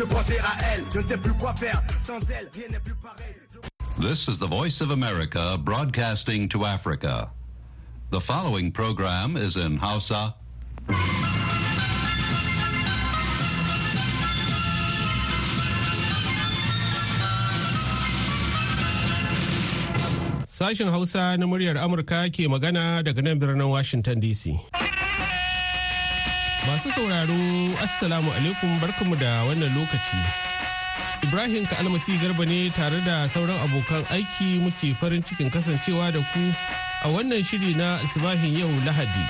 à elle. Je ne sais plus quoi faire. Sans elle, rien n'est plus pareil. This is the Voice of America broadcasting to Africa. The following program is in Hausa. Sashen Hausa na muryar Amurka ke magana daga nan birnin Washington DC. Masu sauraro, Assalamu alaikum barkamu da wannan lokaci. Ibrahim Ka'almasi Garba ne tare da sauran abokan aiki muke farin cikin kasancewa da ku a wannan shiri na Sibahin yau Lahadi.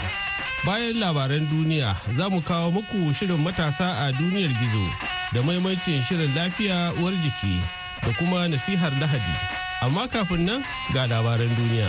Bayan labaran duniya za mu kawo muku shirin matasa a duniyar gizo da maimaicin shirin lafiya uwar jiki da kuma nasihar Lahadi. Amma kafin nan ga labaran duniya.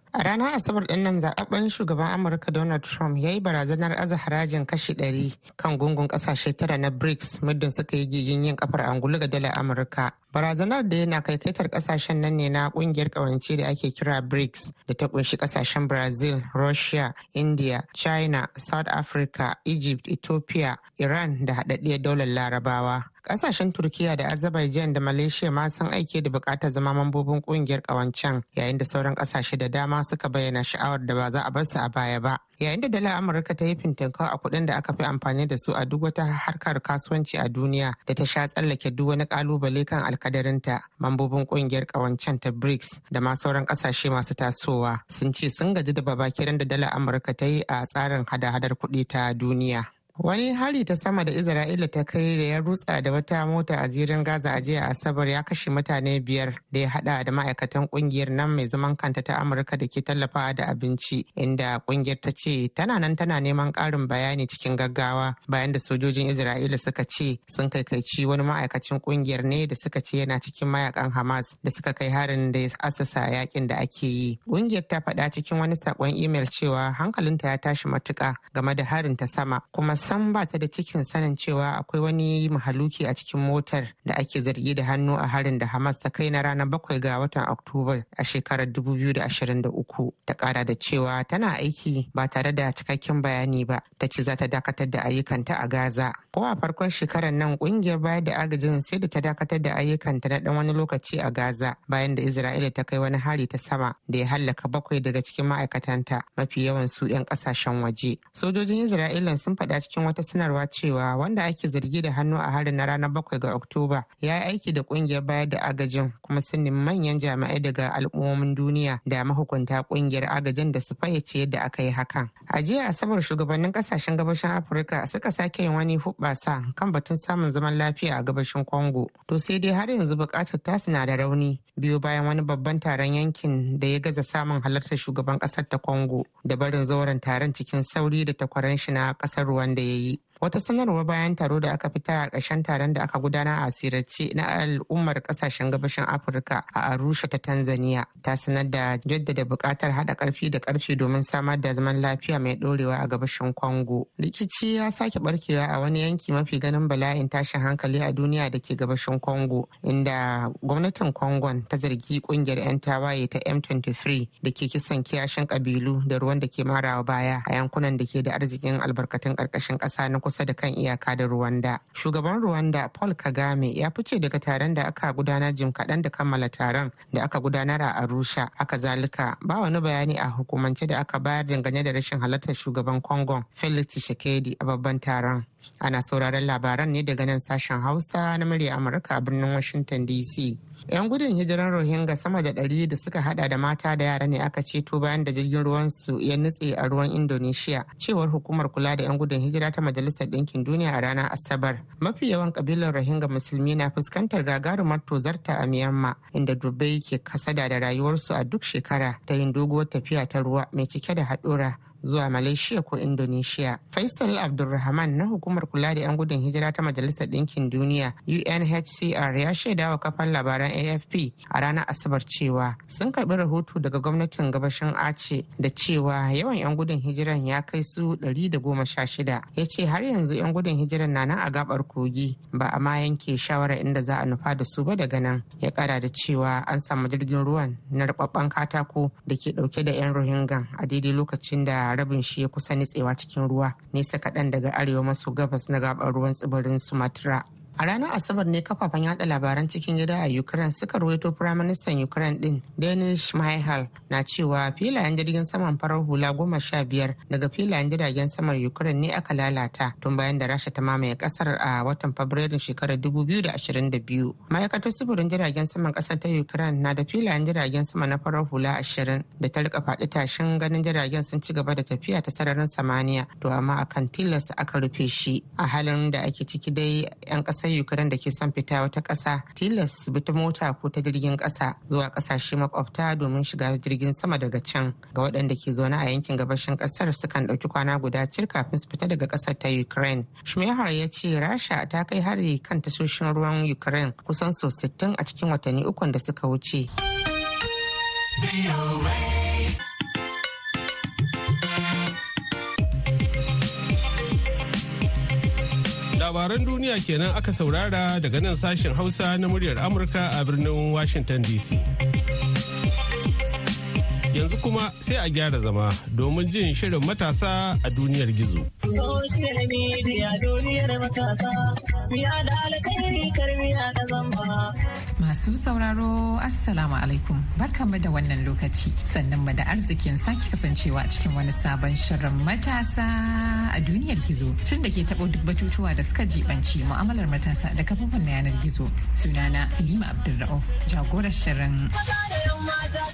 A ranar Asabar ɗin nan zaɓaɓɓen shugaban Amurka Donald Trump ya yi barazanar aza harajin kashi ɗari kan gungun ƙasashe tara na BRICS muddin suka yi gigin yin kafar angulu ga dalar Amurka. Barazanar da yana kaikaitar ƙasashen nan ne na ƙungiyar ƙawance da ake kira BRICS da ta ƙunshi ƙasashen Brazil, Russia, India, China, South Africa, Egypt, Ethiopia, Iran da haɗaɗɗiyar daular Larabawa. Ƙasashen turkiya da azerbaijan da malaysia ma sun aike da bukatar zama mambobin ƙungiyar ƙawancen yayin da sauran ƙasashe da dama suka bayyana sha'awar da ba za a bar su a baya ba yayin da dalar amurka ta yi fintinkau a kudin da aka fi amfani da su a duk wata harkar kasuwanci a duniya da ta sha tsallake duk wani kalubale kan alkadarinta mambobin kungiyar kawancen ta brics da ma sauran kasashe masu tasowa sun ce sun gaji da babakiran da dalar amurka ta yi a tsarin hada-hadar kuɗi ta duniya Wani hari ta sama da Isra'ila ta kai da ya rutsa da wata mota a zirin Gaza a jiya Asabar ya kashe mutane biyar da ya hada da ma'aikatan kungiyar nan mai zaman kanta ta Amurka da ke tallafawa da abinci inda kungiyar ta ce tana nan tana neman karin bayani cikin gaggawa bayan da sojojin Isra'ila suka ce sun kaikaici wani ma'aikacin kungiyar ne da suka ce yana cikin mayakan Hamas da suka kai harin da ya asasa yakin da ake yi. Kungiyar ta faɗa cikin wani sakon imel cewa hankalinta ya tashi matuka game da harin ta sama kuma sam ba ta da cikin sanin cewa akwai wani mahaluki a cikin motar da ake zargi da hannu a harin da Hamas ta kai na ranar bakwai ga watan Oktoba a shekarar 2023 ta kara da cewa tana aiki ba tare da cikakken bayani ba ta ce za ta dakatar da ayyukanta a Gaza. Ko a farkon shekarar nan kungiyar bayar da agajin sai da ta dakatar da ayyukanta na dan wani lokaci a Gaza bayan da Isra'ila ta kai wani hari ta sama da ya hallaka bakwai daga cikin ma'aikatanta mafi yawan su 'yan kasashen waje. Sojojin Isra'ila sun faɗa cikin wata sanarwa cewa wanda ake zargi da hannu a harin na ranar bakwai ga Oktoba ya yi aiki da kungiyar bayar da agajin kuma sun nemi manyan jami'ai daga al'ummomin duniya da mahukunta kungiyar agajin da su fayyace yadda aka yi hakan. A jiya Asabar shugabannin kasashen gabashin Afirka suka sake yin wani hubbasa kan batun samun zaman lafiya a gabashin Kongo To sai dai har yanzu bukatar tasu na da rauni biyu bayan wani babban taron yankin da ya gaza samun halartar shugaban kasar ta Kongo da barin zauren taron cikin sauri da takwaran shi na kasar Rwanda Bye. Wata sanarwa bayan taro da aka fitar a ƙarshen taron da aka gudana a asirarce na al'ummar ƙasashen gabashin Afirka a Arusha ta Tanzania ta sanar da jaddada buƙatar haɗa ƙarfi da ƙarfi domin samar da zaman lafiya mai ɗorewa a gabashin Congo. Rikici ya sake barkewa a wani yanki mafi ganin bala'in tashin hankali a duniya da ke gabashin Congo inda gwamnatin Congon ta zargi ƙungiyar 'yan tawaye ta M23 da ke kisan kiyashin ƙabilu da ruwan da ke marawa baya a yankunan da ke da arzikin albarkatun ƙarƙashin ƙasa na kusa da kan iyaka da ruwanda Shugaban ruwanda Paul Kagame ya fice daga taron da aka gudanar jim kaɗan da kammala taron da aka gudanar a Arusha. Haka zalika ba wani bayani a hukumance da aka bayar dangane da rashin halartar shugaban Congo Felix Tshisekedi a babban taron. Ana sauraron labaran ne daga nan sashen Hausa na murya Amurka a birnin Washington DC. 'Yan gudun hijiran Rohingya sama da ɗari da suka hada da mata da yara ne aka ceto bayan da jirgin ruwan su ya nutse a ruwan Indonesia, cewar hukumar kula da 'yan gudun hijira ta Majalisar Ɗinkin Duniya a ranar Asabar. Mafi yawan kabilar Rohingya musulmi na fuskantar gagarumar tozarta a Myanmar, inda Dubai ke kasada da rayuwarsu a duk shekara ta yin doguwar tafiya ta ruwa mai cike da haɗura. zuwa Malaysia ko Indonesia. Faisal Abdulrahman na hukumar kula da 'yan gudun hijira ta Majalisar Dinkin Duniya UNHCR ya shaida wa kafan labaran AFP a ranar Asabar cewa sun karɓi rahoto daga gwamnatin gabashin Ace da cewa yawan 'yan gudun hijiran ya kai su da goma sha shida. Ya ce har yanzu 'yan gudun hijiran na nan a gabar kogi ba a ma yanke shawara inda za a nufa da su ba daga nan. Ya kara da cewa an samu jirgin ruwan na rababban katako da ke dauke da 'yan Rohingya a daidai lokacin da da shi ya kusa nitsewa cikin ruwa nesa kaɗan daga arewa maso gabas na gabar ruwan tsibirin sumatra A ranar Asabar ne kafafen yada labaran cikin gida a Ukraine suka ruwaito Firaministan Ukraine din Denis Mihal na cewa filayen jirgin saman farar hula goma sha biyar daga filayen jiragen saman Ukraine ne aka lalata tun bayan da Rasha ta mamaye kasar a watan Fabrairun shekarar 2022. Ma'aikatar sufurin jiragen saman kasar ta Ukraine na da filayen jiragen sama na farar hula ashirin da ta rika faɗi tashin ganin jiragen sun ci gaba da tafiya ta sararin samaniya to amma akan tilas aka rufe shi a halin da ake ciki dai 'yan kasar ukraine da ke son fita wata ƙasa tilas bi ta mota ko ta jirgin ƙasa zuwa ƙasashe makwabta domin shiga jirgin sama daga can ga waɗanda ke zaune a yankin gabashin ƙasar sukan ɗauki kwana guda cir kafin su fita daga ƙasar ta ukraine shmehar ya ce rasha ta kai hari kan tashoshin ruwan ukraine kusan sau 60 a cikin watanni ukun da suka wuce. labaran duniya kenan aka saurara daga nan sashen hausa na muryar amurka a birnin washington dc yanzu kuma sai a gyara zama domin jin shirin matasa a duniyar gizo. Masu sauraro Assalamu alaikum barkanmu da wannan lokaci sannan mu da arzikin sake kasancewa cikin wani sabon shirin matasa a duniyar gizo tun da ke taɓo duk batutuwa da suka jibanci mu'amalar matasa da kafofin na yanar gizo sunana Halima Abdulra'uf jagorar shirin. Maza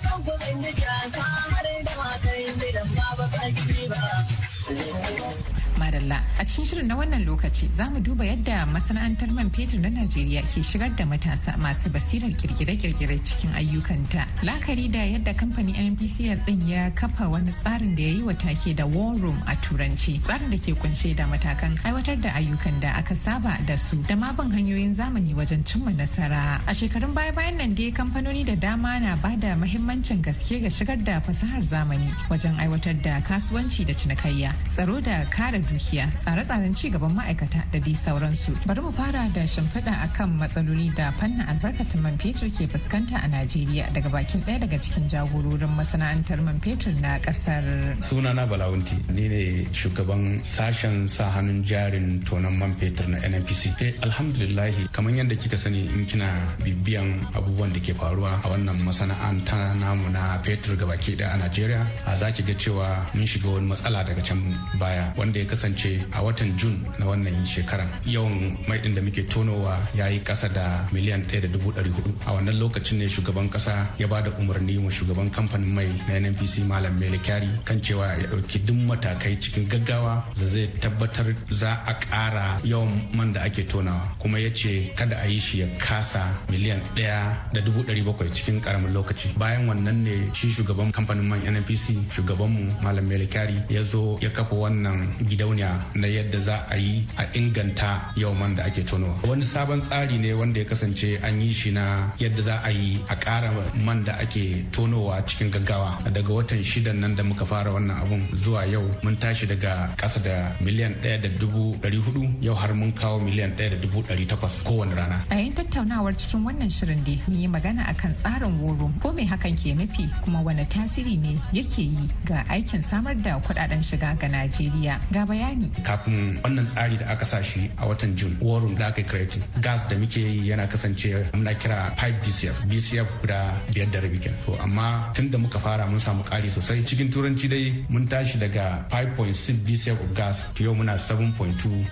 madalla. A cikin shirin na wannan lokaci za mu duba yadda masana'antar man fetur na Najeriya ke shigar da matasa masu basirar kirkire-kirkire cikin ayyukanta. Lakari da yadda kamfanin npcr din ya kafa wani tsarin da ya yi wa take da War Room a Turanci. Tsarin da ke kunshe da matakan aiwatar da ayyukan da aka saba da su da ma bin hanyoyin zamani wajen cimma nasara. A shekarun baya-bayan nan dai kamfanoni da dama na ba da mahimmancin gaske ga shigar da fasahar zamani wajen aiwatar da kasuwanci da cinikayya, tsaro da kare duniya. lafiya tsare-tsaren ci gaban ma'aikata da dai sauransu bari mu fara da shimfiɗa akan matsaloli da fannin albarkatun man fetur ke fuskanta a najeriya daga bakin ɗaya daga cikin jagororin masana'antar man fetur na ƙasar sunana balawunti ni ne shugaban sashen sa hannun jarin tonon man fetur na nnpc eh alhamdulillahi kamar yadda kika sani in kina bibiyan abubuwan da ke faruwa a wannan masana'anta namu na fetur gabaki ɗaya a najeriya a zaki ga cewa mun shiga wani matsala daga can baya wanda ya kasance kasance a watan jun na wannan shekaran yawan mai din da muke tonowa ya yi kasa da miliyan 1.400 a wannan lokacin ne shugaban kasa ya ba da umarni wa shugaban kamfanin mai na nnpc malam mele kyari kan cewa ya ɗauki duk matakai cikin gaggawa da zai tabbatar za a kara yawan man da ake tonawa kuma ya ce kada a yi shi ya kasa miliyan ɗaya da cikin karamin lokaci bayan wannan ne shi shugaban kamfanin man nnpc shugabanmu malam mele kyari ya zo ya kafa wannan gidauni yarjejeniya na yadda za a yi a inganta yau man da ake tonowa wani sabon tsari ne wanda ya kasance an yi shi na yadda za a yi a ƙara man da ake tonowa cikin gaggawa daga watan shidan nan da muka fara wannan abun zuwa yau mun tashi daga ƙasa da miliyan ɗaya da dubu ɗari hudu yau har mun kawo miliyan ɗaya da dubu ɗari takwas kowane rana a yayin tattaunawar cikin wannan shirin dai mun yi magana akan tsarin woro ko mai hakan ke nufi kuma wani tasiri ne yake yi ga aikin samar da kuɗaɗen shiga ga najeriya ga bayani bayani kafin wannan tsari da aka sa shi a watan jun warun da aka creating gas da muke yi yana kasance muna kira 5 bcf bcf guda biyar da rabi to amma tun da muka fara mun samu kari sosai cikin turanci dai mun tashi daga 5.6 bcf of gas to yau muna 7.2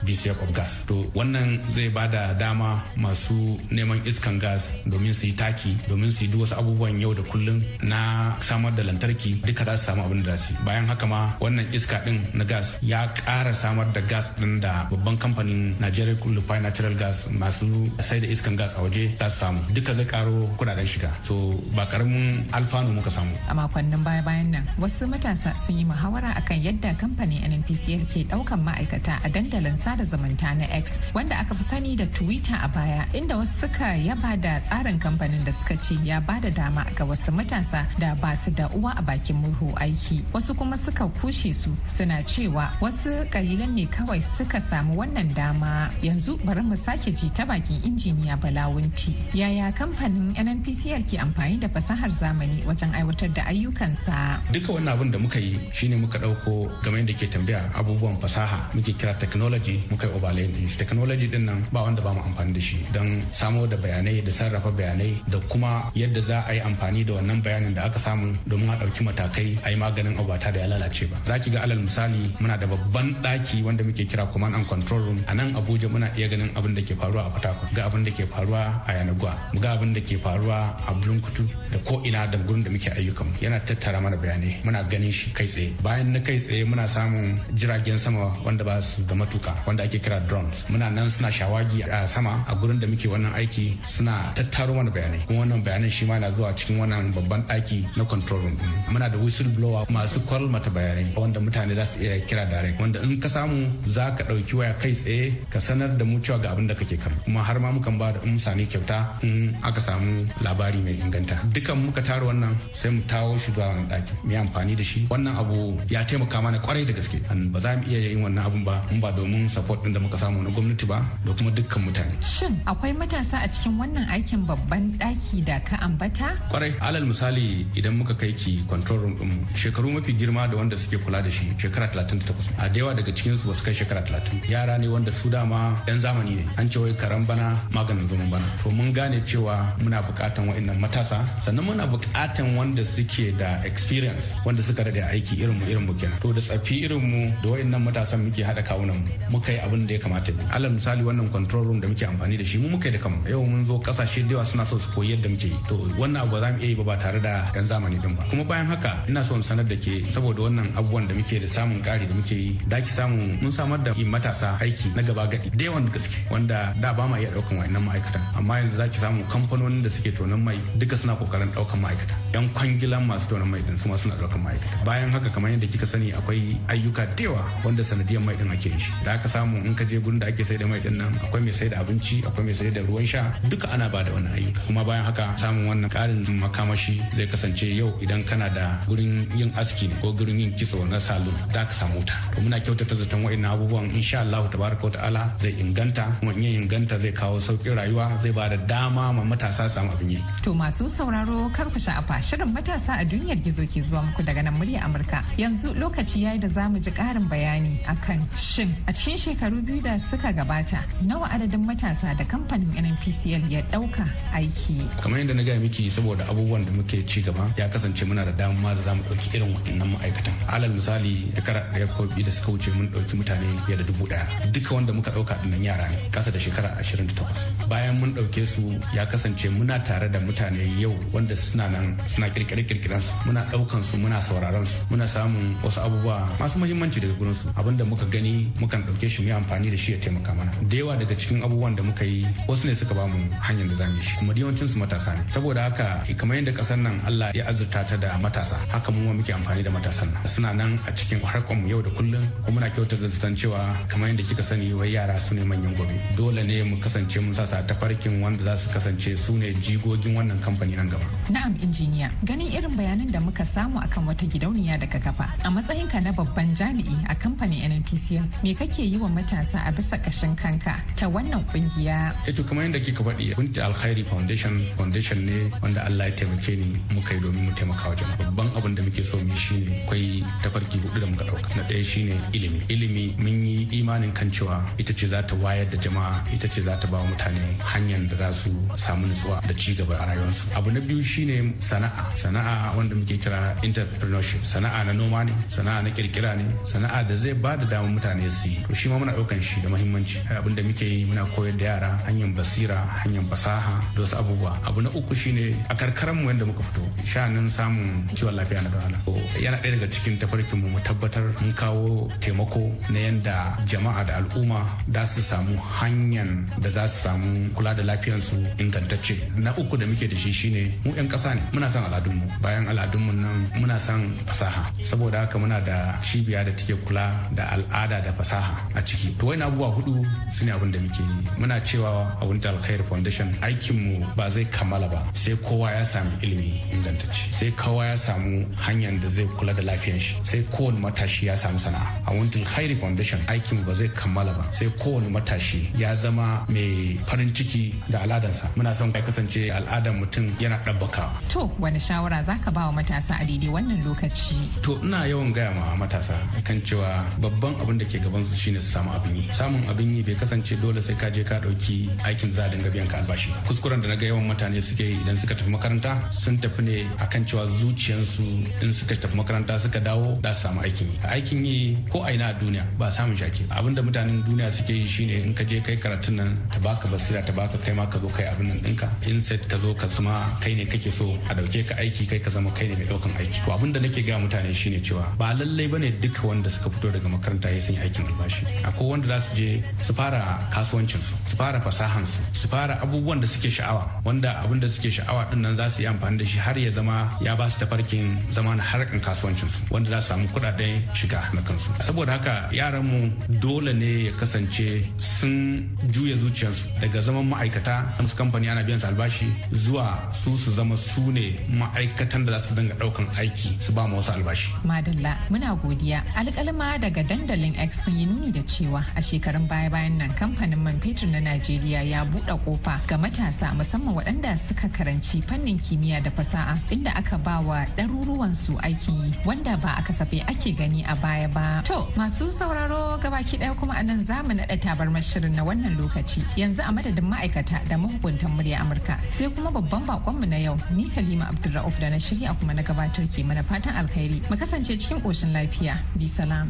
bcf of gas to wannan zai ba da dama masu neman iskan gas domin su yi taki domin su yi duk wasu abubuwan yau da kullum na samar da lantarki duka za su samu abin da su bayan haka ma wannan iska din na gas ya kara. ƙara samar da gas din da babban kamfanin Nigeria Crude Refined Natural Gas masu sai da iskan gas a waje za su samu. Duka zai karo kudaden shiga. So ba karamin alfanu muka samu. A makonnin baya-bayan nan wasu matasa sun yi muhawara akan yadda kamfanin NNPCL ke ɗaukan ma'aikata a dandalin sada zumunta na X wanda aka fi sani da Twitter a baya inda wasu suka yaba da tsarin kamfanin da suka ce ya bada dama ga wasu matasa da ba su da uwa a bakin murhu aiki. Wasu kuma suka kushe su suna cewa wasu kalilan ne kawai suka samu wannan dama yanzu bari mu sake ji ta bakin injiniya balawunti yaya kamfanin nnpcl ke amfani da fasahar zamani wajen aiwatar da ayyukansa duka wannan abin da muka yi shine muka dauko game da ke tambaya abubuwan fasaha muke kira technology muka yi overlay din shi technology din nan ba wanda ba mu amfani da shi don samo da bayanai da sarrafa bayanai da kuma yadda za a yi amfani da wannan bayanin da aka samu domin a ɗauki matakai a yi maganin abata da ya lalace ba za ki ga alal misali muna da babban ɗaki wanda muke kira command and control room a nan abuja muna iya ganin abin da ke faruwa a fatako ga abin da ke faruwa a yanagwa mu ga abin da ke faruwa a bulunkutu da ko ina da gurin da muke ayyukan yana tattara mana bayanai muna ganin shi kai tsaye bayan na kai tsaye muna samun jiragen sama wanda ba su da matuka wanda ake kira drones muna nan suna shawagi a sama a gurin da muke wannan aiki suna tattaro mana bayanai kuma wannan bayanan shi ma na zuwa cikin wannan babban ɗaki na control room muna da whistle blower masu kwalmata bayanai wanda mutane za su iya kira direct wanda in in ka samu za ka ɗauki waya kai tsaye ka sanar da mu cewa ga abin da kake kan kuma har ma mukan ba da mutane kyauta in aka samu labari mai inganta dukan muka tara wannan sai mu tawo shi zuwa wani ɗaki mu yi amfani da shi wannan abu ya taimaka mana kwarai da gaske ba za mu iya yin wannan abun ba in ba domin support din da muka samu na gwamnati ba da kuma dukkan mutane shin akwai matasa a cikin wannan aikin babban ɗaki da ka ambata kwarai alal misali idan muka kai ki control room din shekaru mafi girma da wanda suke kula da shi shekara 38 a da yawa daga cikin su kai shekara talatin yara ne wanda su dama yan zamani ne an ce wai karan bana maganin zaman bana to mun gane cewa muna bukatan wa'annan matasa sannan muna bukatan wanda suke da experience wanda suka da aiki irin mu irin mu kenan to da tsafi irin mu da wa'annan matasan muke hada kawunan mu muka yi abin da ya kamata mu alal misali wannan control room da muke amfani da shi mu muka yi da kamar yau mun zo kasashe da yawa suna so su koyi yadda muke yi to wannan abu za mu iya yi ba ba tare da yan zamani din ba kuma bayan haka ina so in sanar da ke saboda wannan abubuwan da muke da samun kari da muke yi ake samu mun samar da matasa aiki na gaba gadi da yawan gaske wanda da ba ma iya daukan wayannan ma'aikata amma yanzu za ki samu kamfanonin da suke tonon mai duka suna kokarin daukan ma'aikata yan kwangilan masu tonon mai din su ma suna daukan ma'aikata bayan haka kamar yadda kika sani akwai ayyuka da yawa wanda sanadiyar mai din ake shi da aka samu in ka je gurin da ake sai da mai din nan akwai mai sai da abinci akwai mai sai da ruwan sha duka ana ba da wannan ayyuka kuma bayan haka samun wannan karin makamashi zai kasance yau idan kana da gurin yin aski ko gurin yin kitso na salon da ka samu ta to muna kyau kyautata zaton ina abubuwan insha Allah tabaraka ta'ala zai inganta kuma in inganta zai kawo sauƙin rayuwa zai ba da dama ma matasa su samu abin yi. To masu sauraro kar ku sha'afa shirin matasa a duniyar gizo ke zuwa muku daga nan murya Amurka. Yanzu lokaci yayi da zamu ji ƙarin bayani akan shin a cikin shekaru biyu da suka gabata nawa adadin matasa da kamfanin NNPCL ya ɗauka aiki. Kamar yadda na gaya miki saboda abubuwan da muke ci gaba ya kasance muna da dama da zamu ɗauki irin waɗannan ma'aikatan. Alal misali shekara da ya da suka wuce ce mun ɗauki mutane fiye da dubu ɗaya duka wanda muka ɗauka dinnan yara ne ƙasa da shekara ashirin da bayan mun ɗauke su ya kasance muna tare da mutane yau wanda suna nan suna kirkire kirkiren su muna ɗaukan su muna sauraron su muna samun wasu abubuwa masu muhimmanci daga gurin su da muka gani mukan ɗauke shi mu yi amfani da shi ya taimaka mana da yawa daga cikin abubuwan da muka yi wasu ne suka ba mu hanyar da zamu yi shi kuma yawancin su matasa ne saboda haka kamar yadda kasar nan Allah ya azurta ta da matasa haka mu muke amfani da matasan nan suna nan a cikin harkar mu yau da kullum muna kyautar da zaton cewa kamar yadda kika sani wai yara su ne manyan gobe dole ne mu kasance mun sasa tafarkin wanda za su kasance su ne jigogin wannan kamfani nan gaba na'am injiniya ganin irin bayanan da muka samu akan wata gidauniya daga gaba a matsayin ka na babban jami'i a kamfanin nnpcl me kake yi wa matasa a bisa kashin kanka ta wannan kungiya eto eh kamar yadda kika faɗi kunta alkhairi foundation foundation ne wanda allah ya taimake ni muka yi domin mu taimaka wa jama'a babban abin da muke so mu shine ta tafarki hudu da muka ɗauka na ɗaya shine ilimi ilimi ilimi mun yi imanin kan cewa ita ce za ta wayar da jama'a ita ce za ta ba mutane hanyar da za su samu nutsuwa da ci gaba a rayuwarsu abu na biyu shine sana'a sana'a wanda muke kira entrepreneurship sana'a na noma ne sana'a na kirkira ne sana'a da zai ba da damar mutane su yi to shi ma muna ɗaukan shi da muhimmanci abin da muke yi muna koyar da yara hanyar basira hanyar fasaha da wasu abubuwa abu na uku shine a karkaran mu yadda muka fito sha'anin samun kiwon lafiya na dawala yana ɗaya daga cikin tafarkin mu mu tabbatar mun kawo taimako taimako na yadda jama'a da al'umma da su samu hanyar da za su samu kula da lafiyarsu ingantacce na uku da muke da shi shine mu 'yan ƙasa ne muna son al'adunmu bayan al'adunmu nan muna son fasaha saboda haka muna da cibiya da take kula da al'ada da fasaha a ciki to wani abubuwa hudu su ne abin da muke yi muna cewa a wunta alkhair foundation aikinmu ba zai kammala ba sai kowa ya sami ilimi ingantacce sai kowa ya samu hanyar da zai kula da lafiyar shi sai kowane matashi ya samu sana'a mountain khairi foundation aikin ba zai kammala ba sai kowane matashi ya zama mai farin ciki da al'adansa muna son ya kasance al'adan mutum yana ɗabbaka to wani shawara zaka ba wa matasa a daidai wannan lokaci to ina yawan gaya ma matasa kan cewa babban abin da ke gaban su shine su samu abin yi samun abin yi bai kasance dole sai ka je ka ɗauki aikin za a dinga biyan ka albashi kuskuren da na ga yawan mutane suke idan suka tafi makaranta sun tafi ne akan cewa zuciyarsu in suka tafi makaranta suka dawo da su samu aikin yi aikin yi ko ko aina a duniya ba samun shaki abinda mutanen duniya suke yi shine in ka je kai karatun nan ta baka basira ta baka kai ma ka zo kai abin nan ɗinka inset ka zo ka zama kai ne kake so a dauke ka aiki kai ka zama kai ne mai daukan aiki ko da nake ga mutane shine cewa ba lallai bane duka wanda suka fito daga makaranta ya sun yi aikin albashi akwai wanda za su je su fara kasuwancin su su fara fasahan su su fara abubuwan da suke sha'awa wanda abin da suke sha'awa din nan za su yi amfani da shi har ya zama ya ba su tafarkin zama na harkan kasuwancin su wanda za su samu kuɗaɗen shiga na kansu saboda haka yaranmu dole ne ya kasance sun juya zuciyarsu daga zaman ma'aikata su kamfani ana biyan su albashi zuwa su su zama su ne ma'aikatan da za su dinga daukan aiki su ba mu wasu albashi madalla muna godiya alkalma daga dandalin x sun yi nuni da cewa a shekarun baya bayan nan kamfanin man fetur na najeriya ya buɗe kofa ga matasa musamman waɗanda suka karanci fannin kimiyya da fasaha inda aka ba wa ɗaruruwansu aiki wanda ba a kasafe ake gani a baya ba to Masu sauraro gabaki ɗaya kuma anan za mu naɗa tabarmar shirin na wannan lokaci. Yanzu a madadin ma'aikata da mahukuntan murya Amurka sai kuma babban bakonmu na yau ni Halima Abdulra'uf da na shirya kuma na gabatar ke mana fatan alkhairi. Mu kasance cikin koshin lafiya. Bi salam.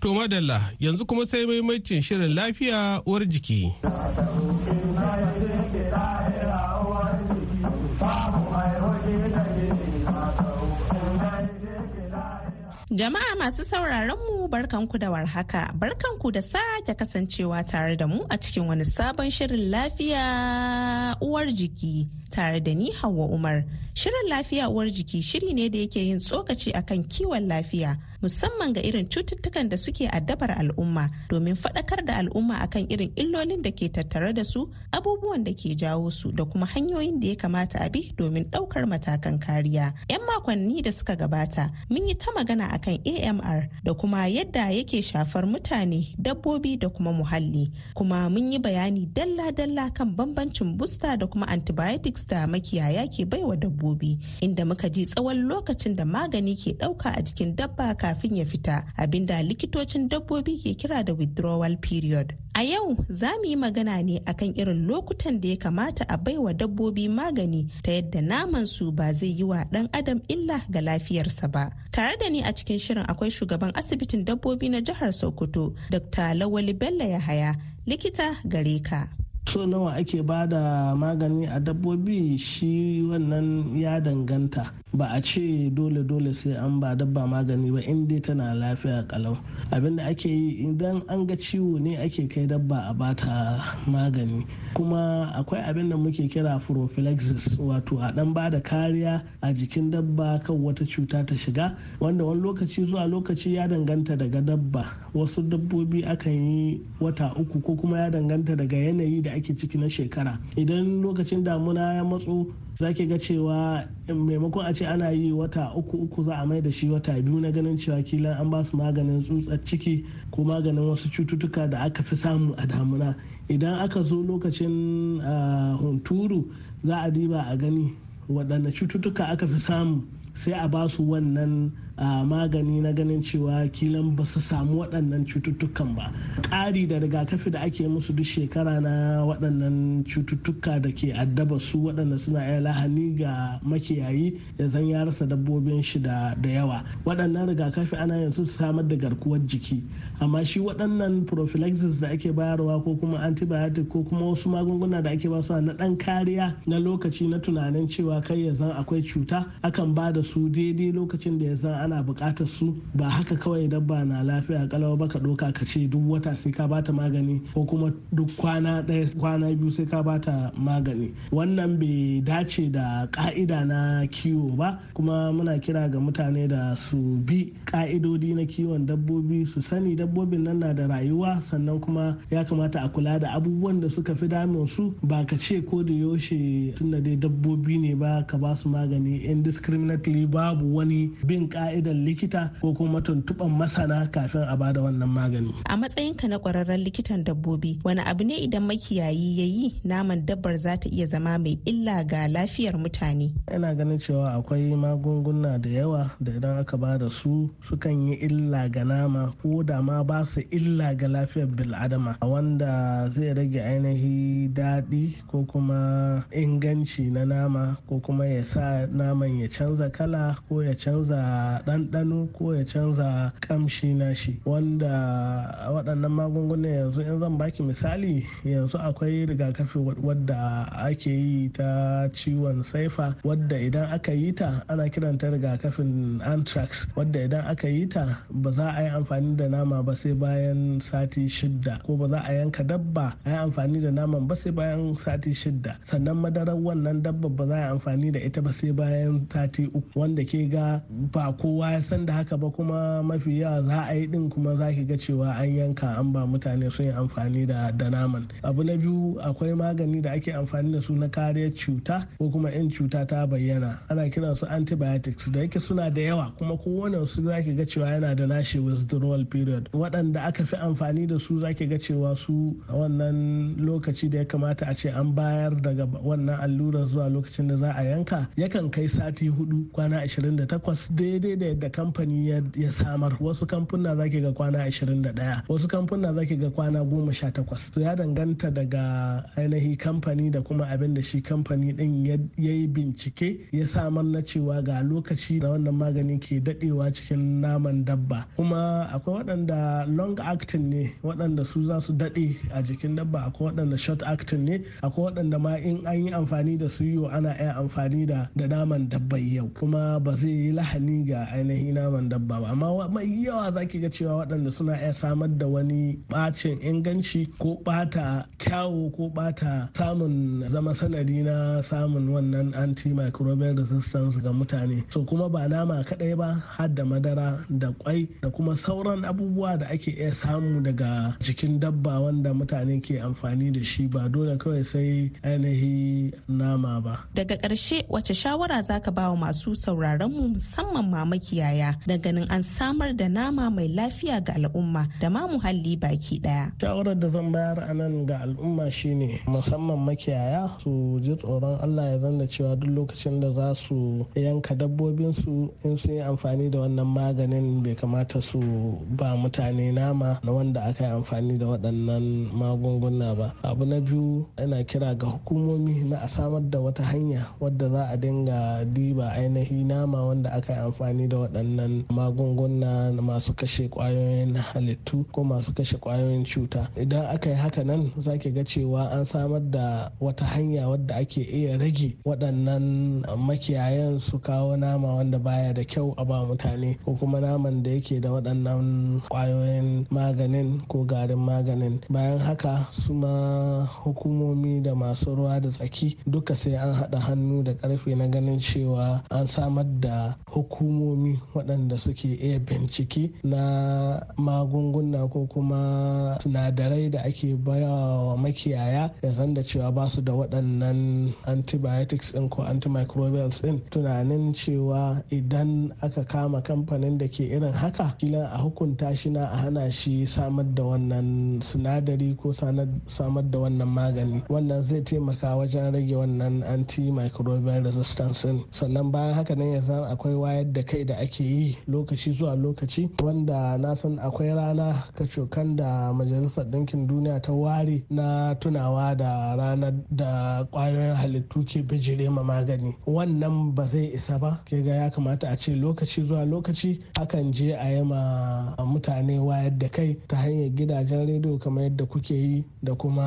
To madalla yanzu kuma sai maimacin shirin lafiya uwar jiki. Jama'a masu sauraron mu barkanku da warhaka, barkanku da sake kasancewa tare da mu a cikin wani sabon shirin lafiya uwar jiki tare da ni Hauwa Umar. Shirin lafiya uwar jiki shiri ne da yake yin tsokaci akan kiwon lafiya. musamman ga irin cututtukan da suke addabar al'umma domin faɗakar da al'umma akan irin illolin da ke tattare da su abubuwan da ke jawo su da kuma hanyoyin da ya kamata a bi domin ɗaukar matakan kariya. 'Yan makonni da suka gabata mun yi ta magana akan AMR da kuma yadda yake shafar mutane dabbobi da kuma muhalli kuma mun yi bayani dalla-dalla kan bambancin busta da kuma antibiotics da makiyaya ke baiwa dabbobi inda muka ji tsawon lokacin da magani ke ɗauka a jikin dabba kafin kafin ya fita abinda likitocin dabbobi ke kira da withdrawal period. A yau za mu yi magana ne akan irin lokutan da ya kamata a baiwa dabbobi magani ta yadda naman ba zai yi wa ɗan adam illa ga lafiyarsa ba. Tare da ni a cikin shirin akwai shugaban asibitin dabbobi na jihar Sokoto, Dr. Lawali Bello Yahaya, likita gare ka. so nawa ake ba da magani a dabbobi shi wannan ya danganta ba a ce dole-dole sai an ba dabba magani ba in dai tana lafiya kalau abinda ake yi idan an ga ciwo ne ake kai dabba a bata magani kuma akwai abinda muke kira prophylaxis wato a dan ba da kariya a jikin dabba kan wata cuta ta shiga wanda wani lokaci zuwa lokaci ya danganta daga dabba wasu dabbobi akan yi wata uku ko kuma ya danganta daga yanayi da ake ciki na shekara idan lokacin damuna ya matsu za ki ga cewa maimakon a ce ana yi wata uku uku za a mai da shi wata biyu na ganin cewa kila an ba su maganin tsutsar ciki ko maganin wasu cututtuka da aka fi samu a damuna idan aka zo lokacin hunturu za a diba a gani waɗanne cututtuka aka fi samu sai a ba su wannan magani na ganin cewa kilan ba su samu waɗannan cututtukan ba ƙari da rigakafi da ake musu duk shekara na waɗannan cututtuka da ke addaba su waɗanda suna iya lahani ga makiyayi ya zan ya rasa dabbobin shi da yawa waɗannan rigakafi ana yanzu samar da garkuwar jiki amma shi waɗannan prophylaxis da ake bayarwa ko kuma antibiotic ko kuma wasu magunguna da ake basu na ɗan kariya na lokaci na tunanin cewa kai ya zan akwai cuta akan ba da su daidai lokacin da ya zan ana buƙatar su ba haka kawai dabba na lafiya kalawa ba ka doka ka ce duk wata sai ka bata magani ko kuma duk kwana ɗaya kwana biyu sai ka bata magani wannan bai dace da ka'ida na kiwo ba kuma muna kira ga mutane da su bi ka'idodi na kiwon dabbobi su sani dabbobin nan na da rayuwa sannan kuma ya kamata a kula da abubuwan da suka fi damun su ba ka ce ko da yaushe tunda dai dabbobi ne ba ka ba su magani indiscriminately babu wani bin ƙa'ida ka'idar likita ko kuma tuntuɓan masana kafin a bada wannan magani. A matsayin ka na kwararren likitan dabbobi wani abu ne idan makiyayi ya yi naman dabbar za ta iya zama mai illa ga lafiyar mutane. Ina ganin cewa akwai magunguna da yawa da idan aka ba da su sukan yi illa ga nama ko da ma ba su illa ga lafiyar bil'adama a wanda zai rage ainihi daɗi ko kuma inganci na nama ko kuma ya sa naman ya canza kala ko ya canza ɗanɗano ko ya canza kamshi nashi wanda waɗannan magungunan yanzu in zan baki misali yanzu akwai rigakafi wadda ake yi ta ciwon saifa wadda idan aka yi ta ana kiranta rigakafin anthrax wadda idan aka yi ta ba za a yi amfani da nama ba sai bayan sati shidda ko ba za a yanka dabba a yi amfani da naman ba sai bayan sati shidda sannan madarar wannan dabba ba za a yi amfani da ita ba sai bayan sati uku wanda ke ga ba ko kowa ya san da haka ba kuma mafi yawa za a yi din kuma za ki ga cewa an yanka an ba mutane sun yi amfani da da naman abu na biyu akwai magani da ake amfani da su na kariyar cuta ko kuma in cuta ta bayyana ana kiran su antibiotics da yake suna da yawa kuma kowane su za ki ga cewa yana da nashi withdrawal period waɗanda aka fi amfani da su za ki ga cewa su a wannan lokaci da ya kamata a ce an bayar daga wannan allura zuwa lokacin da za a yanka yakan kai sati hudu kwana 28 daidai da da yadda kamfani ya samar wasu kamfuna zaki ga kwana 21 wasu kamfuna zaki ga kwana 18 to ya danganta daga ainihi kamfani da kuma abin da shi kamfani din ya yi bincike ya samar na cewa ga lokaci da wannan magani ke dadewa cikin naman dabba kuma akwai waɗanda long acting ne waɗanda su za su dade a jikin dabba akwai waɗanda short acting ne akwai waɗanda ma in an yi amfani da su yiwo ana iya amfani da naman dabba yau kuma ba zai yi lahani ga ainihin naman dabba ba amma mai yawa za ki ga cewa waɗanda suna iya samar da wani ɓacin inganci ko ɓata kyawu ko ɓata samun zama sanadi na samun wannan antimicrobial resistance ga mutane so kuma ba nama kaɗai ba har da madara da kwai da kuma sauran abubuwa da ake iya samu daga jikin dabba wanda mutane ke amfani da shi ba dole kawai sai ainihi nama ba daga ƙarshe wace shawara zaka ba wa masu sauraron mu musamman mama makiyaya da ganin an samar da nama mai lafiya ga al'umma da ma muhalli baki daya. Shawarar da zan bayar a nan ga al'umma shine musamman makiyaya su ji tsoron Allah ya zanna cewa duk lokacin da za su yanka dabbobin su in sun yi amfani da wannan maganin bai kamata su ba mutane nama na wanda aka yi amfani da waɗannan magunguna ba. Abu na biyu ina kira ga hukumomi na a samar da wata hanya wadda za a dinga diba ainihi nama wanda aka yi amfani da waɗannan magunguna masu kashe ƙwayoyin halittu ko masu kashe ƙwayoyin cuta idan aka yi haka nan za ki ga cewa an samar da wata hanya wadda ake iya rage waɗannan makiyayan su kawo nama wanda baya da kyau a ba mutane ko kuma naman da yake da waɗannan ƙwayoyin maganin ko garin maganin bayan haka su ma hukumomi da masu ruwa da tsaki duka sai an haɗa hannu da ƙarfe na ganin cewa an samar da hukumomi hukumomi waɗanda suke iya bincike na magunguna ko kuma sinadarai da ake bayawa makiyaya ya zan da cewa ba su da waɗannan antibiotics ɗin ko antimicrobials ɗin tunanin cewa idan aka kama kamfanin da ke irin haka kila a hukunta shi na a hana shi samar da wannan sinadari ko samar da wannan magani wannan zai taimaka wajen rage wannan antimicrobial resistance sannan bayan haka nan ya zan akwai wayar da kai da ake yi lokaci zuwa lokaci wanda na san akwai rana kacokan da majalisar ɗinkin duniya ta ware na tunawa da ranar da kwayoyin halittu ke bijire ma magani wannan ba zai isa ba ke ga ya kamata a ce lokaci zuwa lokaci akan je a yi ma mutane wayar da kai ta hanyar gidajen rediyo kamar yadda kuke yi da kuma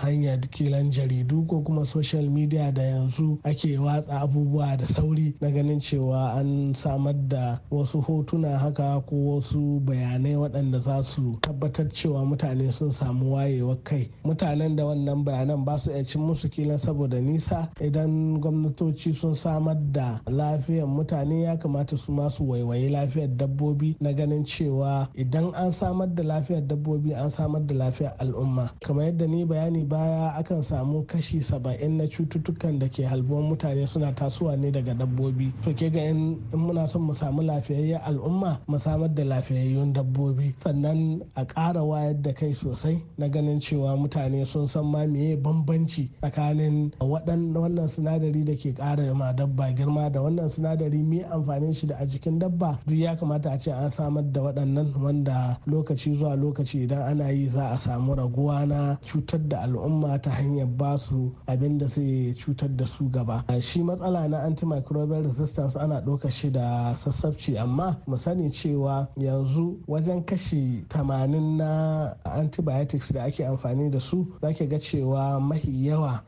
hanyar kilan jaridu ko kuma social media da yanzu ake watsa abubuwa da sauri na ganin cewa an samar da wasu hotuna haka ko wasu bayanai waɗanda za su tabbatar cewa mutane sun samu wayewa kai mutanen da wannan bayanan ba su cin musu kila saboda nisa idan gwamnatoci sun samar da lafiyar mutane ya kamata su masu waiwaye lafiyar dabbobi na ganin cewa idan an samar da lafiyar dabbobi an samar da lafiyar al'umma kamar yadda ni bayani baya akan samu kashi saba'in na cututtukan da ke halbuwan mutane suna tasowa ne daga dabbobi to ke ga in muna son mu samu lafiyayyen al'umma mu samar da lafiyayyun dabbobi sannan a ƙara wayar da kai sosai na ganin cewa mutane sun san ma meye bambanci tsakanin wannan sinadari da ke ƙara ma dabba girma da wannan sinadari me amfanin shi da a jikin dabba duk ya kamata a ce an samar da waɗannan wanda lokaci zuwa lokaci idan ana yi za a samu raguwa na cutar da al'umma ta hanyar ba su abin da zai cutar da su gaba shi matsala na antimicrobial resistance ana ɗaukar shi da sassabci amma mu sani cewa yanzu wajen kashi 80 na antibiotics da ake amfani da su zaki ga cewa mahi yawa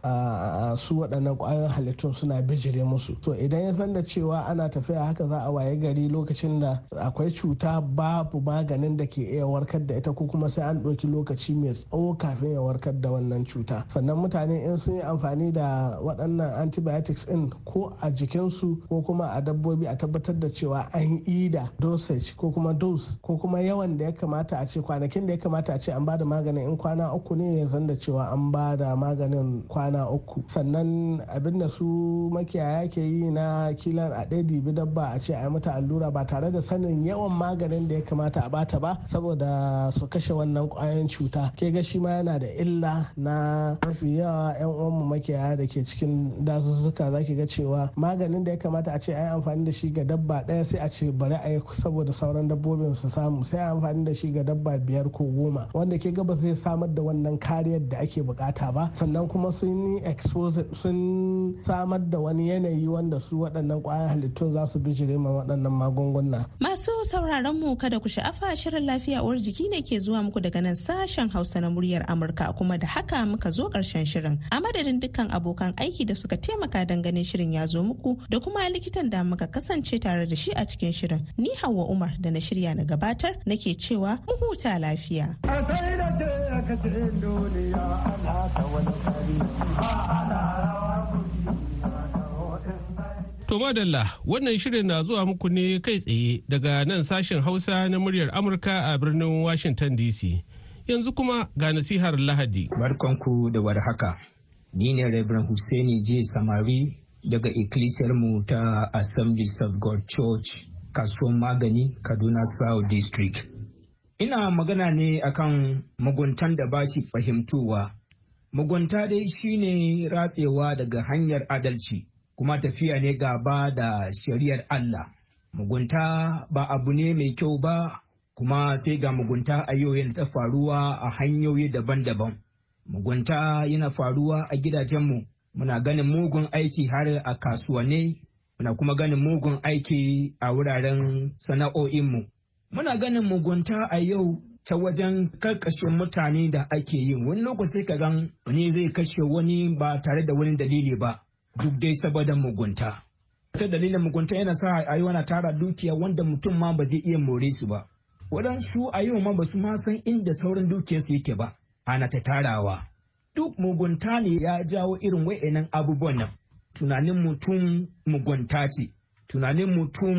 su waɗannan ƙwayoyin halittun suna bijire musu to idan ya san da cewa ana tafiya haka za a waye gari lokacin da akwai cuta babu maganin da ke iya warkar da ita ko kuma sai an ɗauki lokaci mai tsawo kafin ya warkar da wannan cuta sannan mutane in sun yi amfani da waɗannan antibiotics ɗin ko a jikinsu ko kuma a dabbobi a tabbatar da cewa an ida dosage ko kuma dose ko kuma yawan da ya kamata a ce kwanakin da ya kamata a ce an bada maganin in kwana uku ne ya zanda cewa an bada maganin kwana uku sannan abin da su makiyaya ke yi na kilan a ɗaya dibi dabba a ce a yi mata allura ba tare da sanin yawan maganin da ya kamata a bata ba saboda su kashe wannan kwayan cuta ke ga shi ma yana da illa na mafi yawa yan uwan mu makiyaya da ke cikin dazuzzuka zaki ga cewa maganin da ya kamata a ce a yi amfani da shi ga dabba daya sai a ce bari a yi saboda sauran dabbobin su samu sai amfani da shi ga dabba biyar ko goma wanda ke gaba zai samar da wannan kariyar da ake bukata ba sannan kuma sun yi sun samar da wani yanayi wanda su waɗannan ƙwayar halittu za su bijire ma waɗannan magunguna. Masu sauraron mu kada ku sha'afa shirin lafiya uwar jiki ne ke zuwa muku daga nan sashen Hausa na muryar Amurka kuma da haka muka zo karshen shirin. A madadin dukkan abokan aiki da suka taimaka don ganin shirin ya zo muku da kuma likitan da muka kasance tare da da shi a cikin shirin ni hawa umar da na shirya na gabatar nake cewa mu huta lafiya To madalla wannan shirin na zuwa muku ne kai tsaye daga nan sashen hausa na muryar amurka a birnin washington dc yanzu kuma ga nasihar lahadi barkonku da warhaka ni ne Reverend Hussaini J. Samari daga ikkilisiyar mu ta Assemblies of God Church kasuwan magani Kaduna South District. Ina magana ne akan muguntan da ba shi fahimtowa. Mugunta dai shine ratsewa daga hanyar adalci kuma tafiya ne ga ba da shari'ar Allah. Mugunta ba abu ne mai kyau ba kuma sai ga mugunta a ta faruwa a hanyoyi daban-daban. Mugunta yana faruwa a gidajenmu, muna ganin mugun aiki har a kasuwanni muna kuma ganin mugun aiki a wuraren sana'o'inmu muna ganin mugunta a yau ta wajen karkashe mutane da ake yi wani lokaci ka gan wani zai kashe wani ba tare da wani dalili ba duk dai saboda mugunta ta dalilin mugunta yana sa a yi wani tara dukiya wanda mutum ma ba zai iya more su ba waɗansu a yau ma ba su ma san inda sauran dukiyarsu yake ba ana ta tarawa duk mugunta ne ya jawo irin wa'inan abubuwan nan tunanin mutum mugunta ce tunanin mutum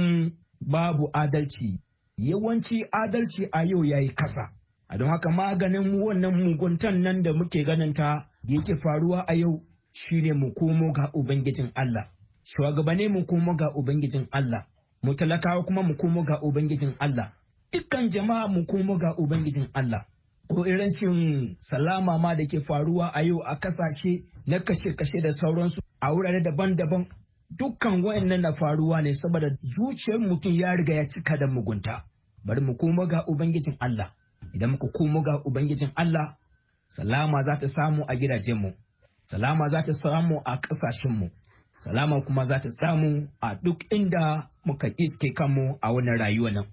babu adalci yawanci adalci a yau ya yi kasa a don haka maganin wannan muguntan nan da muke gananta da yake faruwa a yau shi ne mu komo ga ubangijin Allah shugabane mu komo ga ubangijin Allah mu talakawa kuma mu komo ga ubangijin Allah dukkan jama'a mu komo ga ubangijin Allah ko irin salama ma da ke faruwa a yau a kasashe na kashe-kashe da sauransu a wurare daban-daban dukkan wayannan na faruwa ne saboda zuciyar mutum ya riga ya cika da mugunta bari mu koma ga ubangijin Allah idan muka koma ga ubangijin Allah salama za ta samu a mu salama za ta samu a mu salama kuma za ta samu a duk inda muka iske kanmu a wannan rayuwa nan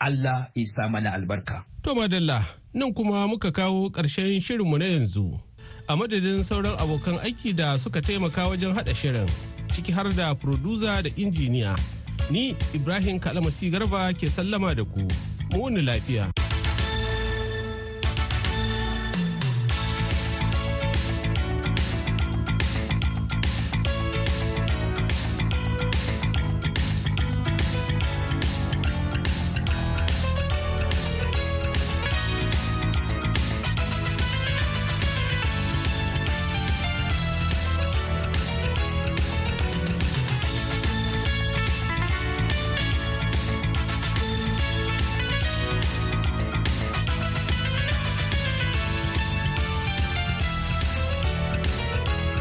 Allah isa mana albarka. To madalla nan kuma muka kawo ƙarshen shirinmu na yanzu. A madadin sauran abokan aiki da suka taimaka wajen haɗa shirin ciki har da furduza da injiniya. Ni Ibrahim Kalamasi Garba ke sallama da ku. muni lafiya.